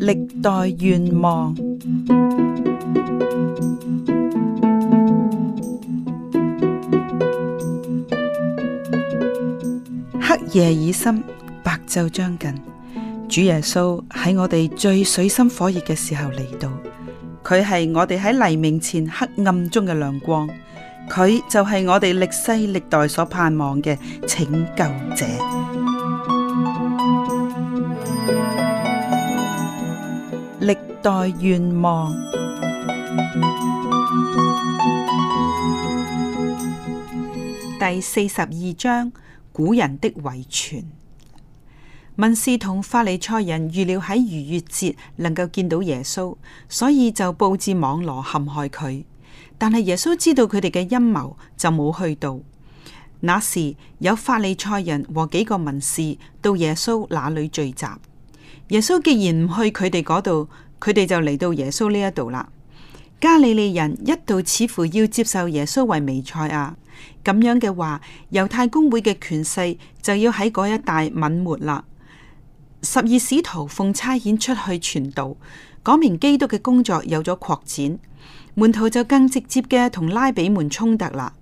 歷代願望，黑夜已深，白晝將近。主耶穌喺我哋最水深火熱嘅時候嚟到，佢係我哋喺黎明前黑暗中嘅亮光，佢就係我哋歷世歷代所盼望嘅拯救者。在願望第四十二章，古人的遺傳。文士同法利賽人預料喺逾越節能夠見到耶穌，所以就布置網羅陷害佢。但係耶穌知道佢哋嘅陰謀，就冇去到。那時有法利賽人和幾個文士到耶穌那裏聚集。耶穌既然唔去佢哋嗰度。佢哋就嚟到耶穌呢一度啦，加利利人一度似乎要接受耶穌為彌賽亞，咁樣嘅話，猶太公會嘅權勢就要喺嗰一帶泯沒啦。十二使徒奉差遣出去傳道，講明基督嘅工作有咗擴展，門徒就更直接嘅同拉比們衝突啦，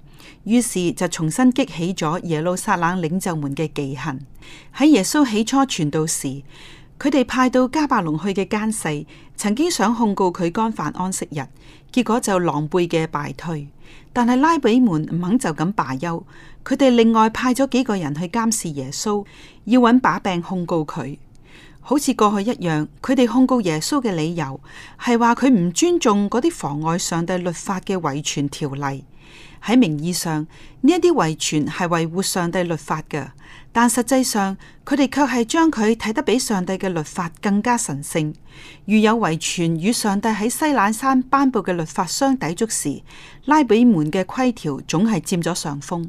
於是就重新激起咗耶路撒冷領袖們嘅忌恨。喺耶穌起初傳道時。佢哋派到加百隆去嘅奸細，曾經想控告佢干犯安息日，結果就狼狽嘅敗退。但係拉比們唔肯就咁罷休，佢哋另外派咗幾個人去監視耶穌，要揾把柄控告佢，好似過去一樣。佢哋控告耶穌嘅理由係話佢唔尊重嗰啲妨礙上帝律法嘅遺傳條例。喺名義上，呢一啲遺傳係維護上帝律法嘅，但實際上佢哋卻係將佢睇得比上帝嘅律法更加神聖。如有遺傳與上帝喺西乃山頒布嘅律法相抵觸時，拉比們嘅規條總係佔咗上風。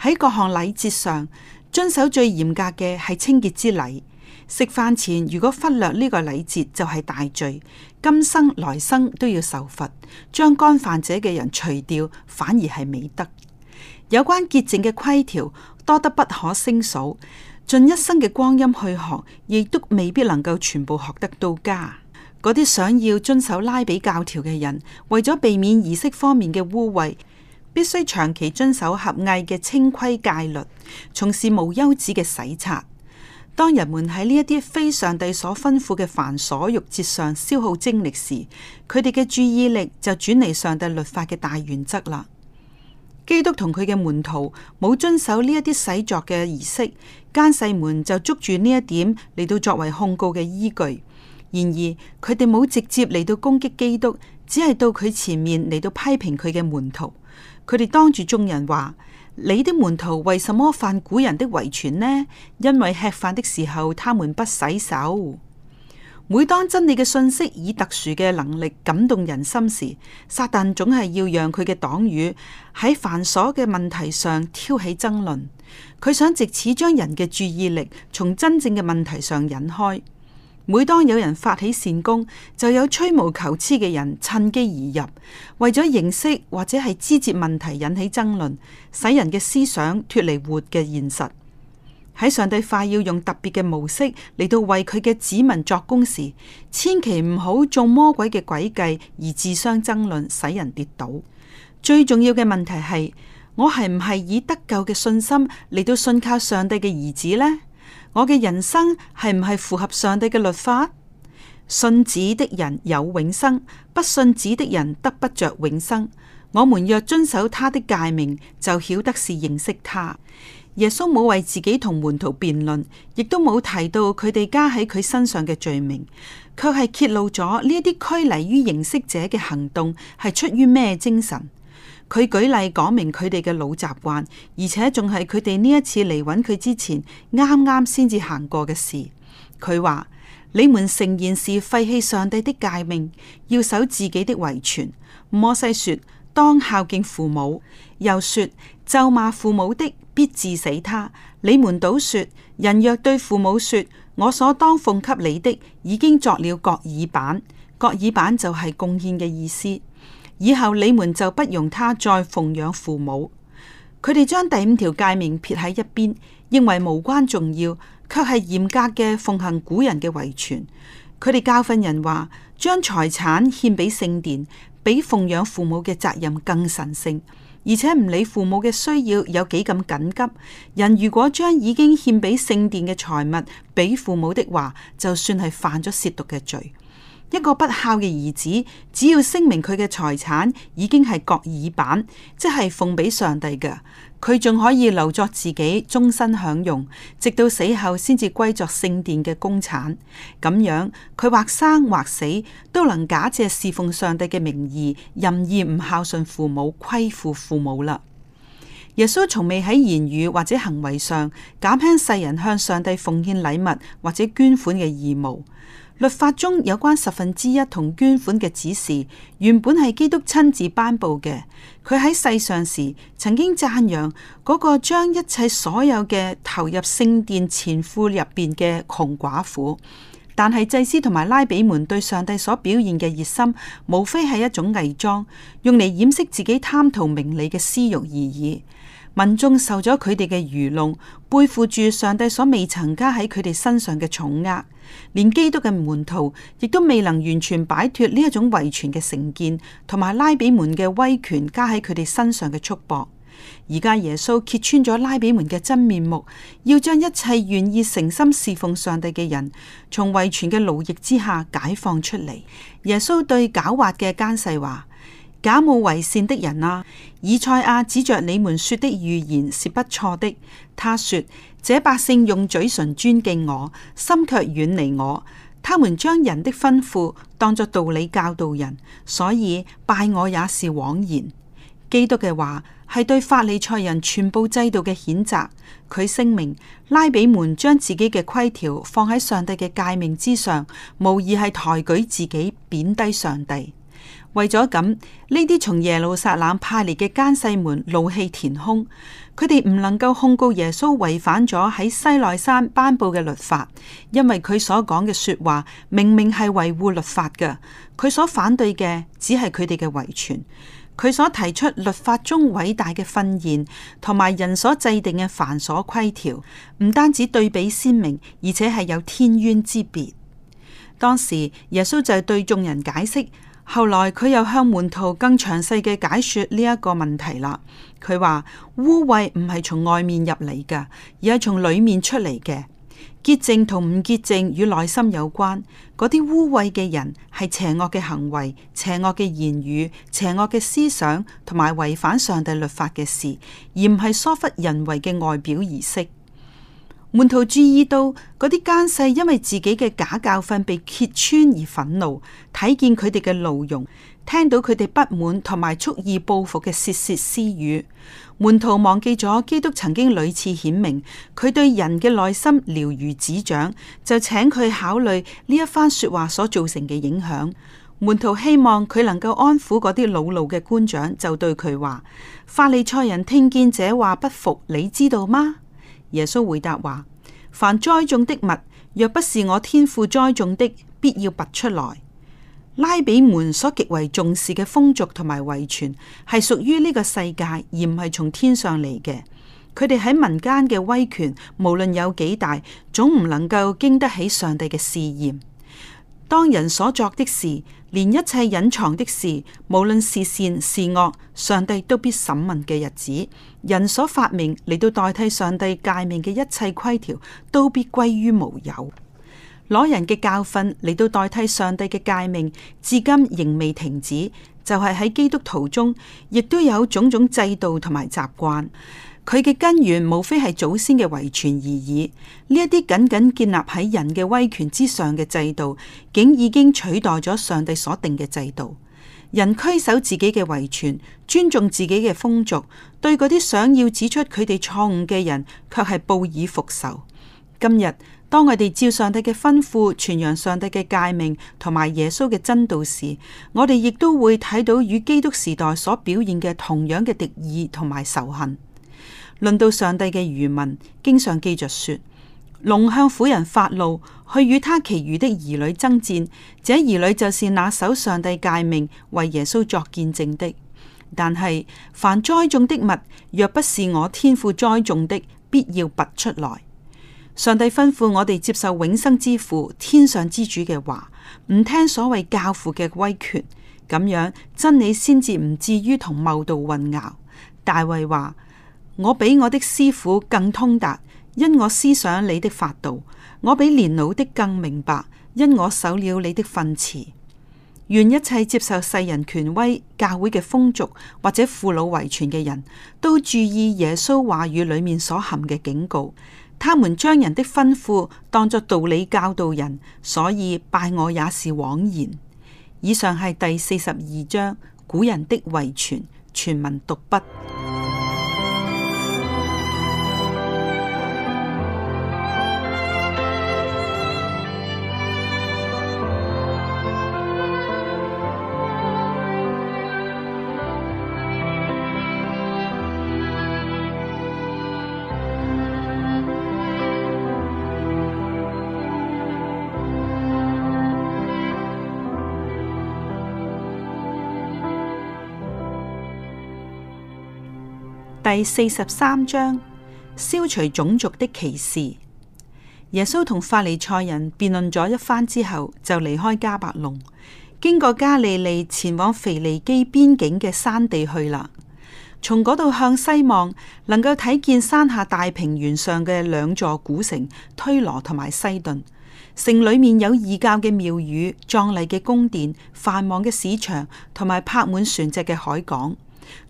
喺各項禮節上，遵守最嚴格嘅係清潔之禮。食飯前如果忽略呢個禮節就係大罪，今生來生都要受罰，將干犯者嘅人除掉，反而係美德。有關潔淨嘅規條多得不可勝數，盡一生嘅光陰去學，亦都未必能夠全部學得到家。嗰啲想要遵守拉比教條嘅人，為咗避免儀式方面嘅污穢，必須長期遵守合藝嘅清規戒律，從事無休止嘅洗刷。當人們喺呢一啲非上帝所吩咐嘅繁瑣欲節上消耗精力時，佢哋嘅注意力就轉離上帝律法嘅大原則啦。基督同佢嘅門徒冇遵守呢一啲洗濯嘅儀式，奸細們就捉住呢一點嚟，到作為控告嘅依據。然而佢哋冇直接嚟到攻擊基督，只係到佢前面嚟到批評佢嘅門徒。佢哋當住眾人話：你的門徒為什麼犯古人的遺傳呢？因為吃飯的時候，他們不洗手。每當真理嘅信息以特殊嘅能力感動人心時，撒旦總係要讓佢嘅黨羽喺繁瑣嘅問題上挑起爭論，佢想借此將人嘅注意力從真正嘅問題上引開。每當有人發起善功，就有吹毛求疵嘅人趁機而入，為咗形式或者係枝節問題引起爭論，使人嘅思想脱離活嘅現實。喺上帝快要用特別嘅模式嚟到為佢嘅子民作工時，千祈唔好做魔鬼嘅詭計而自相爭論，使人跌倒。最重要嘅問題係我係唔係以得救嘅信心嚟到信靠上帝嘅兒子呢？我嘅人生係唔係符合上帝嘅律法？信子的人有永生，不信子的人得不着永生。我們若遵守他的誡命，就曉得是認識他。耶穌冇為自己同門徒辯論，亦都冇提到佢哋加喺佢身上嘅罪名，卻係揭露咗呢一啲拘泥於認識者嘅行動係出於咩精神。佢舉例講明佢哋嘅老習慣，而且仲係佢哋呢一次嚟揾佢之前啱啱先至行過嘅事。佢話：你們誠然是廢棄上帝的誡命，要守自己的遺傳。摩西說：當孝敬父母，又說咒罵父母的必治死他。你們倒說：人若對父母說：我所當奉給你的，已經作了各耳板。各耳板就係貢獻嘅意思。以後你們就不容他再奉養父母。佢哋將第五條誡命撇喺一邊，認為無關重要，卻係嚴格嘅奉行古人嘅遺傳。佢哋教訓人話：將財產獻俾聖殿，比奉養父母嘅責任更神聖。而且唔理父母嘅需要有幾咁緊急，人如果將已經獻俾聖殿嘅財物俾父母的話，就算係犯咗褻瀆嘅罪。一個不孝嘅兒子，只要聲明佢嘅財產已經係各耳板，即係奉俾上帝嘅，佢仲可以留作自己終身享用，直到死後先至歸作聖殿嘅公產。咁樣佢或生或死都能假借侍奉上帝嘅名義，任意唔孝順父母、虧負父母啦。耶穌從未喺言語或者行為上減輕世人向上帝奉獻禮物或者捐款嘅義務。律法中有關十分之一同捐款嘅指示，原本係基督親自頒布嘅。佢喺世上時曾經讚揚嗰個將一切所有嘅投入聖殿前庫入邊嘅窮寡婦，但係祭司同埋拉比們對上帝所表現嘅熱心，無非係一種偽裝，用嚟掩飾自己貪圖名利嘅私欲而已。民眾受咗佢哋嘅愚弄，背負住上帝所未曾加喺佢哋身上嘅重壓。連基督嘅門徒亦都未能完全擺脫呢一種遺傳嘅成見，同埋拉比們嘅威權加喺佢哋身上嘅束縛。而家耶穌揭穿咗拉比們嘅真面目，要將一切願意誠心侍奉上帝嘅人從遺傳嘅奴役之下解放出嚟。耶穌對狡猾嘅奸細話：「假冒為善的人啊，以賽亞指着你們說的預言是不錯的。他說。這百姓用嘴唇尊敬我，心卻遠離我。他們將人的吩咐當作道理教導人，所以拜我也是枉然。基督嘅話係對法利賽人全部制度嘅譴責。佢聲明拉比們將自己嘅規條放喺上帝嘅誡命之上，無疑係抬舉自己，貶低上帝。為咗咁呢啲，從耶路撒冷派嚟嘅奸細們怒氣填胸，佢哋唔能夠控告耶穌違反咗喺西奈山頒布嘅律法，因為佢所講嘅說話明明係維護律法噶。佢所反對嘅只係佢哋嘅遺傳，佢所提出律法中偉大嘅訓言，同埋人所制定嘅繁瑣規條，唔單止對比鮮明，而且係有天淵之別。當時耶穌就係對眾人解釋。後來佢又向門徒更詳細嘅解說呢一個問題啦。佢話污穢唔係從外面入嚟嘅，而係從裏面出嚟嘅。潔淨同唔潔淨與內心有關。嗰啲污穢嘅人係邪惡嘅行為、邪惡嘅言語、邪惡嘅思想同埋違反上帝律法嘅事，而唔係疏忽人為嘅外表儀式。門徒注意到嗰啲奸細因為自己嘅假教訓被揭穿而憤怒，睇見佢哋嘅怒容，聽到佢哋不滿同埋蓄意報復嘅竊竊私語，門徒忘記咗基督曾經屢次顯明佢對人嘅內心了如指掌，就請佢考慮呢一番說話所造成嘅影響。門徒希望佢能夠安撫嗰啲惱怒嘅官長，就對佢話：法利賽人聽見這話不服，你知道嗎？耶穌回答話：凡栽種的物，若不是我天父栽種的，必要拔出來。拉比們所極為重視嘅風俗同埋遺傳，係屬於呢個世界，而唔係從天上嚟嘅。佢哋喺民間嘅威權，無論有幾大，總唔能夠經得起上帝嘅試驗。當人所作的事，連一切隱藏的事，無論是善是惡，上帝都必審問嘅日子，人所發明嚟到代替上帝誡命嘅一切規條，都必歸於無有。攞人嘅教訓嚟到代替上帝嘅誡命，至今仍未停止。就係喺基督徒中，亦都有種種制度同埋習慣。佢嘅根源無非係祖先嘅遺傳而已。呢一啲僅僅建立喺人嘅威權之上嘅制度，竟已經取代咗上帝所定嘅制度。人拘守自己嘅遺傳，尊重自己嘅風俗，對嗰啲想要指出佢哋錯誤嘅人，卻係報以復仇。今日當我哋照上帝嘅吩咐，傳揚上帝嘅誡命，同埋耶穌嘅真道時，我哋亦都會睇到與基督時代所表現嘅同樣嘅敵意同埋仇恨。論到上帝嘅餘民，經上記着說：龍向婦人發怒，去與他其餘的兒女爭戰。這兒女就是那守上帝誡命、為耶穌作見證的。但係凡栽種的物，若不是我天父栽種的，必要拔出來。上帝吩咐我哋接受永生之父、天上之主嘅話，唔聽所謂教父嘅威權，咁樣真理先至唔至於同謬道混淆。大衛話。我比我的師傅更通達，因我思想你的法度；我比年老的更明白，因我守了你的訓詞。願一切接受世人權威、教會嘅風俗或者父老遺傳嘅人都注意耶穌話語裏面所含嘅警告。他們將人的吩咐當作道理教導人，所以拜我也是枉然。以上係第四十二章古人的遺傳全文讀畢。第四十三章，消除種族的歧視。耶穌同法利賽人辯論咗一番之後，就離開迦百農，經過加利利，前往腓尼基邊境嘅山地去啦。從嗰度向西望，能夠睇見山下大平原上嘅兩座古城推羅同埋西頓，城裏面有異教嘅廟宇、壯麗嘅宮殿、繁忙嘅市場同埋泊滿船隻嘅海港。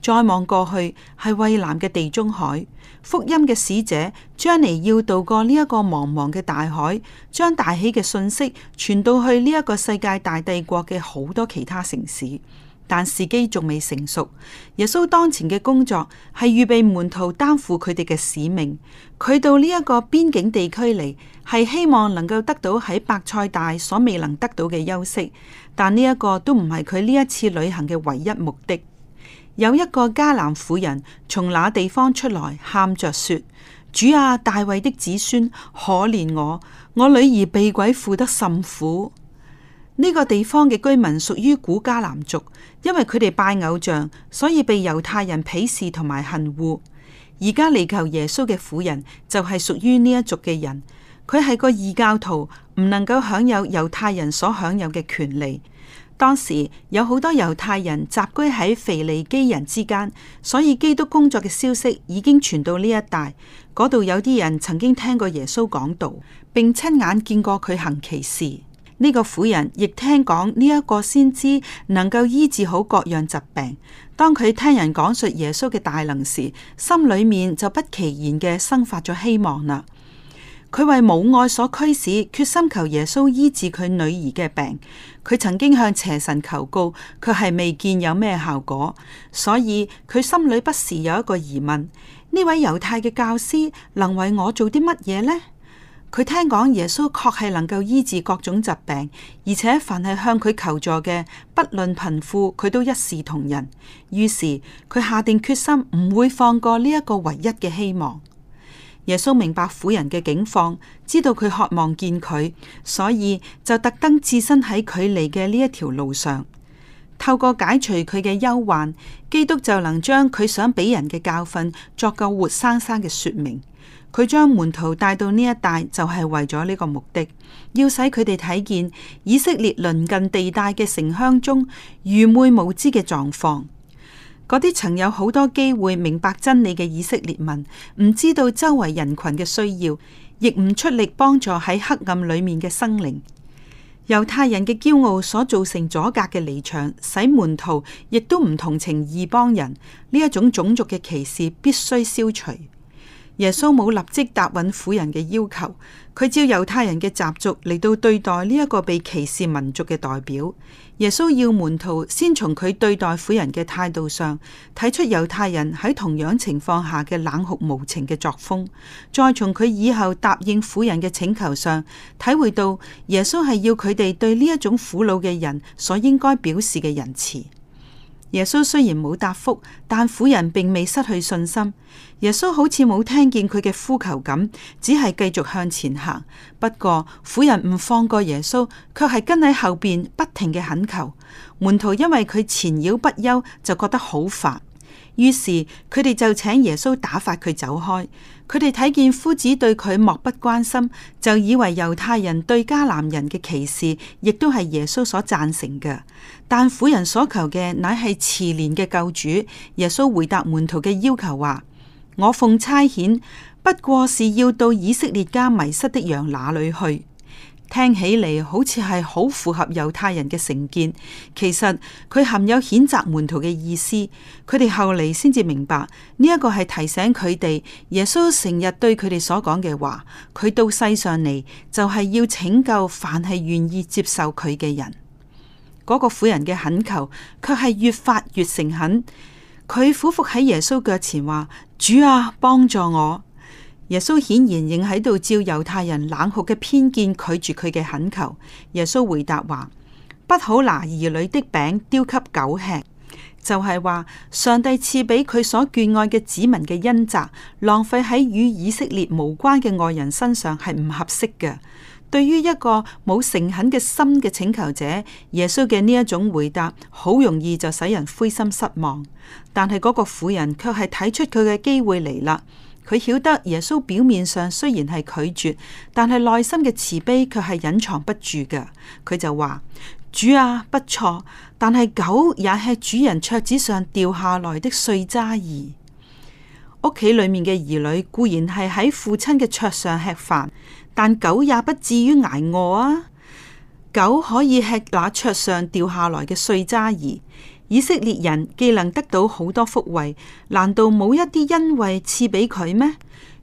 再望過去，係蔚藍嘅地中海。福音嘅使者將嚟，要渡過呢一個茫茫嘅大海，將大喜嘅訊息傳到去呢一個世界大帝國嘅好多其他城市，但時機仲未成熟。耶穌當前嘅工作係預備門徒擔負佢哋嘅使命。佢到呢一個邊境地區嚟，係希望能夠得到喺伯賽大所未能得到嘅休息，但呢一個都唔係佢呢一次旅行嘅唯一目的。有一個迦南婦人從那地方出來，喊着說：主啊，大衛的子孫可憐我，我女兒被鬼附得甚苦。呢、這個地方嘅居民屬於古迦南族，因為佢哋拜偶像，所以被猶太人鄙視同埋恨惡。而家嚟求耶穌嘅婦人就係屬於呢一族嘅人，佢係個異教徒，唔能夠享有猶太人所享有嘅權利。當時有好多猶太人集居喺腓尼基人之間，所以基督工作嘅消息已經傳到呢一帶。嗰度有啲人曾經聽過耶穌講道，並親眼見過佢行奇事。呢、這個婦人亦聽講呢一個先知能夠醫治好各樣疾病。當佢聽人講述耶穌嘅大能時，心裏面就不其然嘅生發咗希望啦。佢為母愛所驅使，決心求耶穌醫治佢女兒嘅病。佢曾經向邪神求告，卻係未見有咩效果，所以佢心裏不時有一個疑問：呢位猶太嘅教師能為我做啲乜嘢呢？佢聽講耶穌確係能夠醫治各種疾病，而且凡係向佢求助嘅，不論貧富，佢都一視同仁。於是佢下定決心，唔會放過呢一個唯一嘅希望。耶穌明白婦人嘅境況，知道佢渴望見佢，所以就特登置身喺佢嚟嘅呢一條路上，透過解除佢嘅憂患，基督就能將佢想俾人嘅教訓作個活生生嘅說明。佢將門徒帶到呢一帶，就係、是、為咗呢個目的，要使佢哋睇見以色列鄰近地帶嘅城鄉中愚昧無知嘅狀況。嗰啲曾有好多機會明白真理嘅以色列民，唔知道周圍人群嘅需要，亦唔出力幫助喺黑暗裏面嘅生靈。猶太人嘅驕傲所造成阻隔嘅籬牆，使門徒亦都唔同情異邦人，呢一種種族嘅歧視，必須消除。耶穌冇立即答允婦人嘅要求，佢照猶太人嘅習俗嚟到對待呢一個被歧視民族嘅代表。耶穌要門徒先從佢對待婦人嘅態度上，睇出猶太人喺同樣情況下嘅冷酷無情嘅作風；再從佢以後答應婦人嘅請求上，體會到耶穌係要佢哋對呢一種苦惱嘅人所應該表示嘅仁慈。耶穌雖然冇答覆，但婦人並未失去信心。耶穌好似冇聽見佢嘅呼求咁，只係繼續向前行。不過婦人唔放過耶穌，卻係跟喺後邊不停嘅懇求。門徒因為佢纏繞不休，就覺得好煩。於是佢哋就請耶穌打發佢走開。佢哋睇見夫子對佢漠不關心，就以為猶太人對迦南人嘅歧視，亦都係耶穌所贊成嘅。但婦人所求嘅乃係慈憐嘅救主。耶穌回答門徒嘅要求話：我奉差遣，不過是要到以色列家迷失的羊那裡去。聽起嚟好似係好符合猶太人嘅成見，其實佢含有譴責門徒嘅意思。佢哋後嚟先至明白呢一、這個係提醒佢哋，耶穌成日對佢哋所講嘅話，佢到世上嚟就係、是、要拯救凡係願意接受佢嘅人。嗰、那個婦人嘅懇求，卻係越發越誠懇。佢俯伏喺耶穌腳前話：主啊，幫助我！耶穌顯然仍喺度照猶太人冷酷嘅偏見，拒絕佢嘅懇求。耶穌回答話： 不好拿兒女的餅丟給狗吃。就係、是、話上帝賜俾佢所眷愛嘅子民嘅恩澤，浪費喺與以色列無關嘅外人身上係唔合適嘅。對於一個冇誠懇嘅心嘅請求者，耶穌嘅呢一種回答，好容易就使人灰心失望。但係嗰個婦人卻係睇出佢嘅機會嚟啦。佢曉得耶穌表面上雖然係拒絕，但係內心嘅慈悲卻係隱藏不住㗎。佢就話：主啊，不錯，但係狗也吃主人桌子上掉下來的碎渣兒。屋企裏面嘅兒女固然係喺父親嘅桌上吃飯，但狗也不至於捱餓啊。狗可以吃那桌上掉下來嘅碎渣兒。以色列人既能得到好多福惠，難道冇一啲恩惠賜俾佢咩？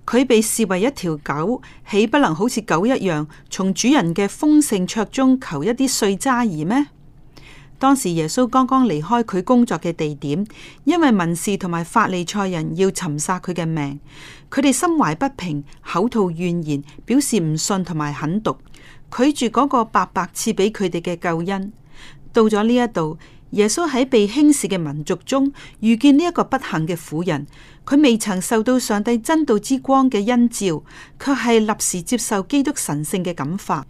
佢被視為一條狗，豈不能好似狗一樣從主人嘅豐盛桌中求一啲碎渣兒咩？當時耶穌剛剛離開佢工作嘅地點，因為文士同埋法利賽人要尋殺佢嘅命，佢哋心懷不平，口吐怨言，表示唔信同埋狠毒，拒絕嗰個白白賜俾佢哋嘅救恩。到咗呢一度。耶穌喺被輕視嘅民族中遇見呢一個不幸嘅婦人，佢未曾受到上帝真道之光嘅恩照，卻係立時接受基督神聖嘅感化，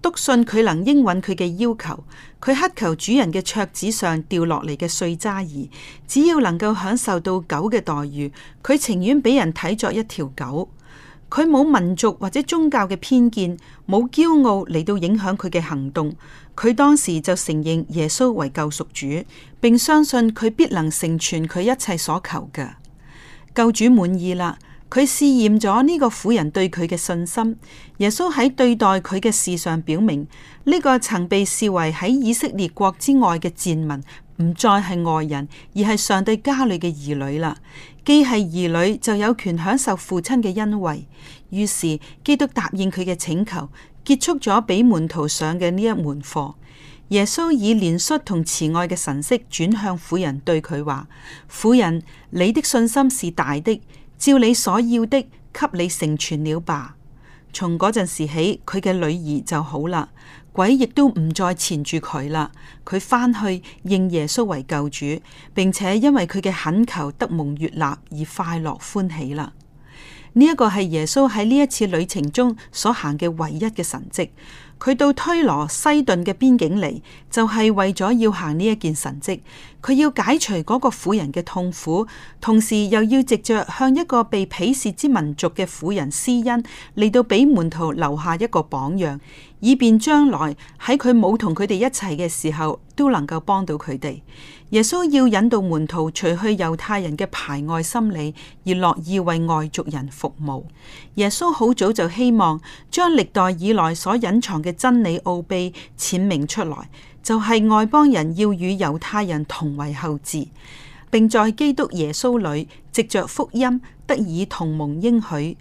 篤信佢能應允佢嘅要求。佢乞求主人嘅桌子上掉落嚟嘅碎渣兒，只要能夠享受到狗嘅待遇，佢情願俾人睇作一條狗。佢冇民族或者宗教嘅偏見，冇驕傲嚟到影響佢嘅行動。佢當時就承認耶穌為救贖主，並相信佢必能成全佢一切所求嘅。救主滿意啦，佢試驗咗呢個婦人對佢嘅信心。耶穌喺對待佢嘅事上，表明呢個曾被視為喺以色列國之外嘅賤民，唔再係外人，而係上帝家裏嘅兒女啦。既係兒女，就有權享受父親嘅恩惠。於是基督答應佢嘅請求。結束咗畀門徒上嘅呢一門課，耶穌以憐恤同慈愛嘅神色轉向婦人對，對佢話：婦人，你的信心是大的，照你所要的，給你成全了吧。從嗰陣時起，佢嘅女兒就好啦，鬼亦都唔再纏住佢啦。佢返去認耶穌為救主，並且因為佢嘅懇求得蒙悅納而快樂歡喜啦。呢一個係耶穌喺呢一次旅程中所行嘅唯一嘅神蹟，佢到推羅西頓嘅邊境嚟，就係為咗要行呢一件神蹟，佢要解除嗰個婦人嘅痛苦，同時又要藉着向一個被鄙視之民族嘅婦人施恩，嚟到俾門徒留下一個榜樣。以便將來喺佢冇同佢哋一齊嘅時候，都能夠幫到佢哋。耶穌要引導門徒除去猶太人嘅排外心理，而樂意為外族人服務。耶穌好早就希望將歷代以來所隱藏嘅真理奧秘闡明出來，就係、是、外邦人要與猶太人同為後嗣，並在基督耶穌裏藉着福音得以同蒙應許。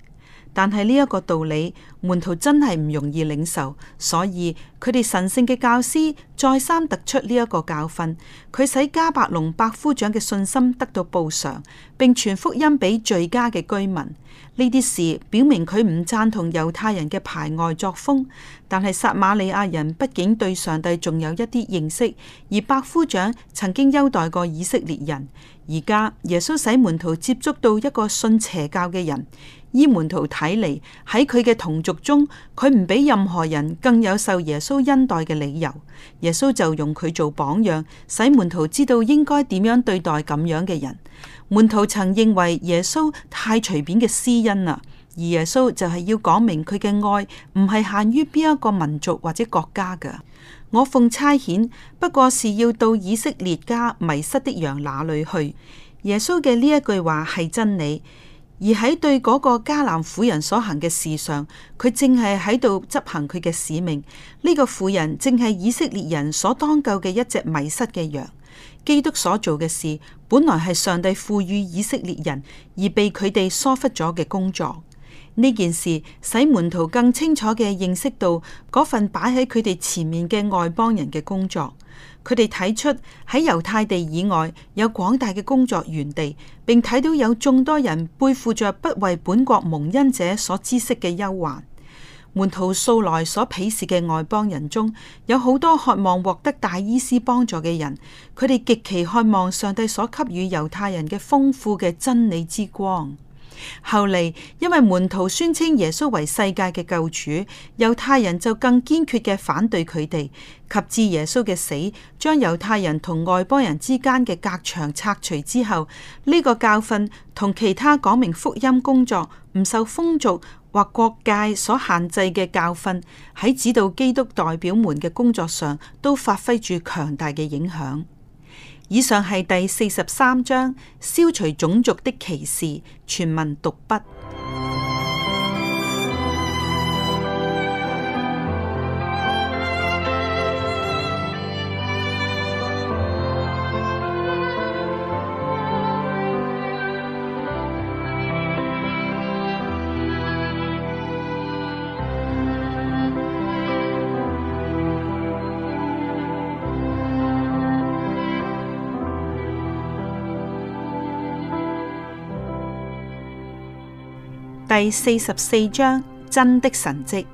但係呢一個道理，門徒真係唔容易領受，所以佢哋神聖嘅教師再三突出呢一個教訓。佢使迦百農百夫長嘅信心得到報償，並傳福音俾敘加嘅居民。呢啲事表明佢唔贊同猶太人嘅排外作風。但係撒瑪利亞人畢竟對上帝仲有一啲認識，而百夫長曾經優待過以色列人。而家耶穌使門徒接觸到一個信邪教嘅人。依門徒睇嚟，喺佢嘅同族中，佢唔俾任何人更有受耶穌恩待嘅理由。耶穌就用佢做榜樣，使門徒知道應該點樣對待咁樣嘅人。門徒曾認為耶穌太隨便嘅私恩啦，而耶穌就係要講明佢嘅愛唔係限於邊一個民族或者國家噶。我奉差遣，不過是要到以色列家迷失的羊那裏去。耶穌嘅呢一句話係真理。而喺對嗰個迦南婦人所行嘅事上，佢正係喺度執行佢嘅使命。呢、這個婦人正係以色列人所當救嘅一隻迷失嘅羊。基督所做嘅事本來係上帝賦予以色列人而被佢哋疏忽咗嘅工作。呢件事使門徒更清楚嘅認識到嗰份擺喺佢哋前面嘅外邦人嘅工作。佢哋睇出喺猶太地以外有廣大嘅工作園地，並睇到有眾多人背負着不為本國蒙恩者所知識嘅憂患。門徒素來所鄙視嘅外邦人中有好多渴望獲得大醫師幫助嘅人，佢哋極其渴望上帝所給予猶太人嘅豐富嘅真理之光。後嚟，因為門徒宣稱耶穌為世界嘅救主，猶太人就更堅決嘅反對佢哋。及至耶穌嘅死，將猶太人同外邦人之間嘅隔牆拆除之後，呢個教訓同其他講明福音工作唔受風俗或國界所限制嘅教訓，喺指導基督代表們嘅工作上，都發揮住強大嘅影響。以上係第四十三章《消除種族的歧視》，全文讀畢。第四十四章真的神蹟。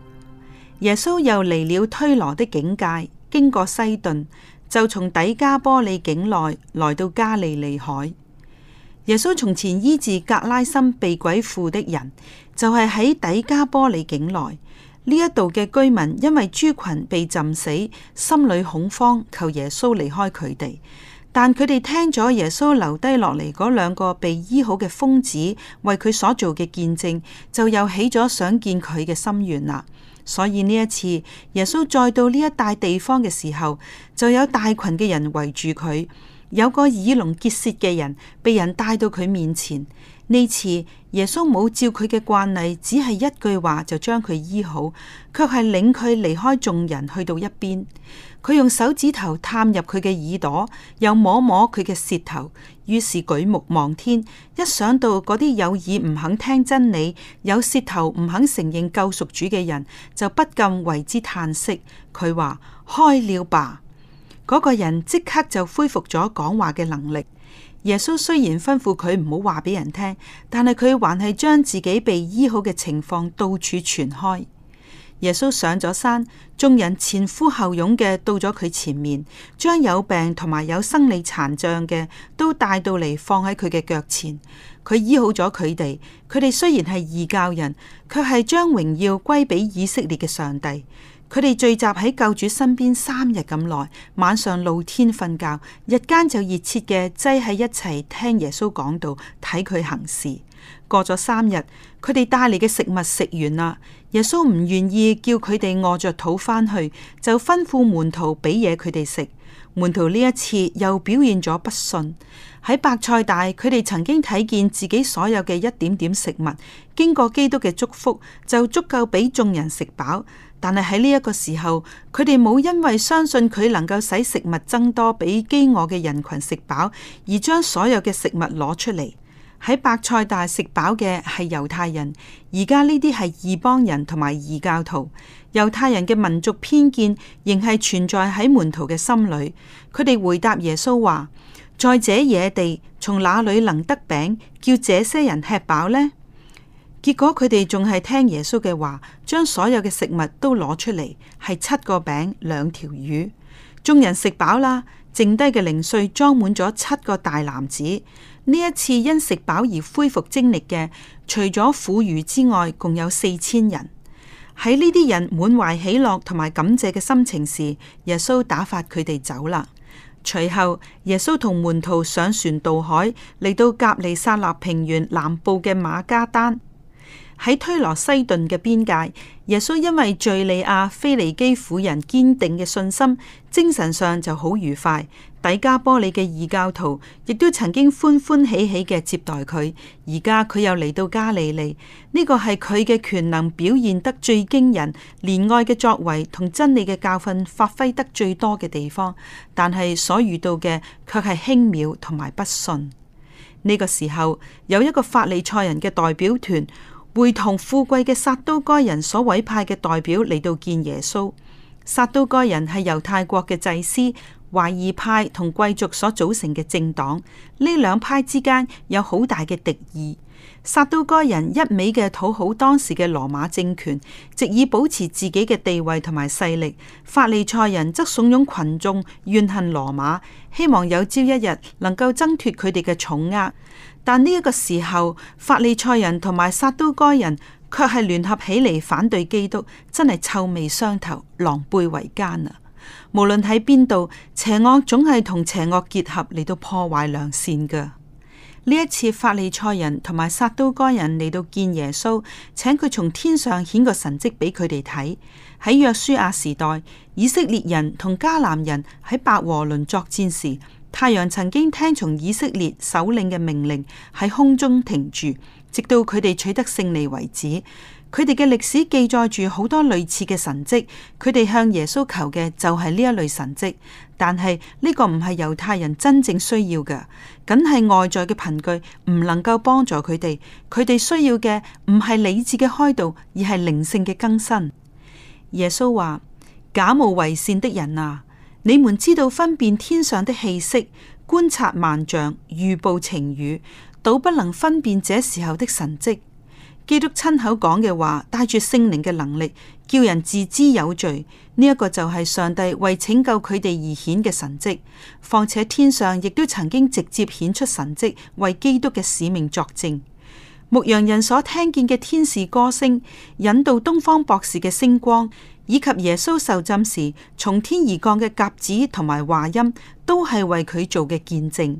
耶穌又嚟了推羅的境界，經過西頓，就從底加波利境內來到加利利海。耶穌從前醫治格拉森被鬼附的人，就係喺底加波利境內。呢一度嘅居民因為豬群被浸死，心裏恐慌，求耶穌離開佢哋。但佢哋聽咗耶穌留低落嚟嗰兩個被醫好嘅瘋子為佢所做嘅見證，就又起咗想見佢嘅心願啦。所以呢一次，耶穌再到呢一帶地方嘅時候，就有大群嘅人圍住佢。有個耳聾結舌嘅人被人帶到佢面前，呢次。耶穌冇照佢嘅慣例，只係一句話就將佢醫好，卻係領佢離開眾人去到一邊。佢用手指頭探入佢嘅耳朵，又摸摸佢嘅舌頭，於是舉目望天。一想到嗰啲有耳唔肯聽真理，有舌頭唔肯承認救贖主嘅人，就不禁為之嘆息。佢話，開了吧，嗰，那個人即刻就恢復咗講話嘅能力。耶穌雖然吩咐佢唔好話俾人聽，但係佢還係將自己被醫好嘅情況到處傳開。耶穌上咗山，眾人前呼後擁嘅到咗佢前面，將有病同埋有生理殘障嘅都帶到嚟放喺佢嘅腳前。佢醫好咗佢哋，佢哋雖然係異教人，卻係將榮耀歸俾以色列嘅上帝。佢哋聚集喺救主身邊三日咁耐，晚上露天瞓覺，日間就熱切嘅擠喺一齊聽耶穌講道，睇佢行事。過咗三日，佢哋帶嚟嘅食物食完啦。耶穌唔願意叫佢哋餓着肚翻去，就吩咐門徒俾嘢佢哋食。門徒呢一次又表現咗不信。喺白菜大，佢哋曾經睇見自己所有嘅一點點食物，經過基督嘅祝福就足夠俾眾人食飽。但係喺呢一個時候，佢哋冇因為相信佢能夠使食物增多，俾飢餓嘅人群食飽，而將所有嘅食物攞出嚟。喺白菜大食飽嘅係猶太人，而家呢啲係異邦人同埋異教徒。猶太人嘅民族偏見仍係存在喺門徒嘅心裏。佢哋回答耶穌話：在這野地，從哪裏能得餅，叫這些人吃飽呢？結果佢哋仲係聽耶穌嘅話，將所有嘅食物都攞出嚟，係七個餅兩條魚。眾人食飽啦，剩低嘅零碎裝滿咗七個大籃子。呢一次因食飽而恢復精力嘅，除咗苦魚之外，共有四千人。喺呢啲人滿懷喜樂同埋感謝嘅心情時，耶穌打發佢哋走啦。隨後耶穌同門徒上船渡海，嚟到隔利撒納平原南部嘅馬加丹。喺推羅西頓嘅邊界，耶穌因為敘利亞腓尼基婦人堅定嘅信心，精神上就好愉快。底加波里嘅異教徒亦都曾經歡歡喜喜嘅接待佢，而家佢又嚟到加利利，呢個係佢嘅權能表現得最驚人、憐愛嘅作為同真理嘅教訓發揮得最多嘅地方，但係所遇到嘅卻係輕渺同埋不信。呢個時候有一個法利賽人嘅代表團，會同富貴嘅撒都該人所委派嘅代表嚟到見耶穌。撒都該人係猶太國嘅祭司、懷疑派同貴族所組成嘅政黨，呢兩派之間有好大嘅敵意。撒都該人一味嘅討好當時嘅羅馬政權，藉以保持自己嘅地位同埋勢力；法利賽人則慫恿群眾怨恨羅馬，希望有朝一日能夠掙脫佢哋嘅重壓。但呢一個時候，法利賽人同埋撒都該人卻係聯合起嚟反對基督，真係臭味相投、狼狽為奸啊！無論喺邊度，邪惡總係同邪惡結合嚟到破壞良善噶。呢一次，法利賽人同埋撒都該人嚟到見耶穌，請佢從天上顯個神蹟俾佢哋睇。喺約書亞時代，以色列人同迦南人喺伯和崙作戰時。太陽曾經聽從以色列首領嘅命令喺空中停住，直到佢哋取得勝利為止。佢哋嘅歷史記載住好多類似嘅神蹟。佢哋向耶穌求嘅就係呢一類神蹟，但係呢、這個唔係猶太人真正需要嘅，僅係外在嘅憑據，唔能夠幫助佢哋。佢哋需要嘅唔係理智嘅開導，而係靈性嘅更新。耶穌話：假冒為善的人啊！你們知道分辨天上的氣息，觀察萬象，預報晴雨，倒不能分辨這時候的神跡。基督親口講嘅話，帶住聖靈嘅能力，叫人自知有罪。呢一個就係上帝為拯救佢哋而顯嘅神跡。況且天上亦都曾經直接顯出神跡，為基督嘅使命作證。牧羊人所聽見嘅天使歌聲，引導東方博士嘅星光。以及耶穌受浸時從天而降嘅鴿子同埋話音，都係為佢做嘅見證。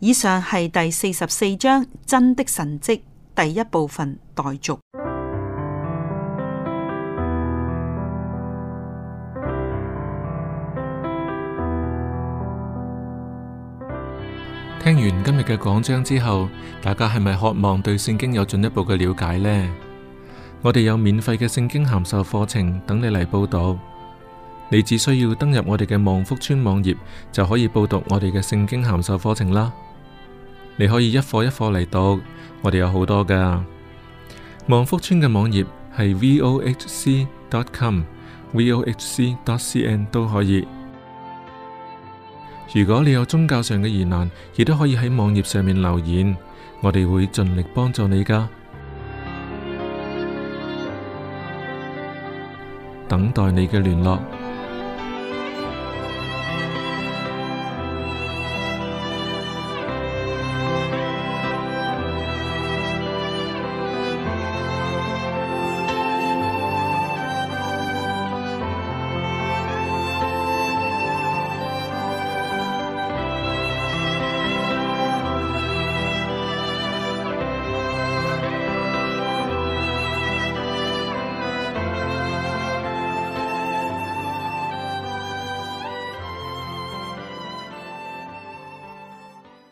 以上係第四十四章真的神蹟第一部分。待續。聽完今日嘅講章之後，大家係咪渴望對聖經有進一步嘅了解呢？我哋有免費嘅聖經函授課程等你嚟報讀，你只需要登入我哋嘅望福村網頁就可以報讀我哋嘅聖經函授課程啦。你可以一課一課嚟讀，我哋有好多噶。望福村嘅網頁係 vohc.com、vohc.cn 都可以。如果你有宗教上嘅疑難，亦都可以喺網頁上面留言，我哋會盡力幫助你噶。等待你嘅聯絡。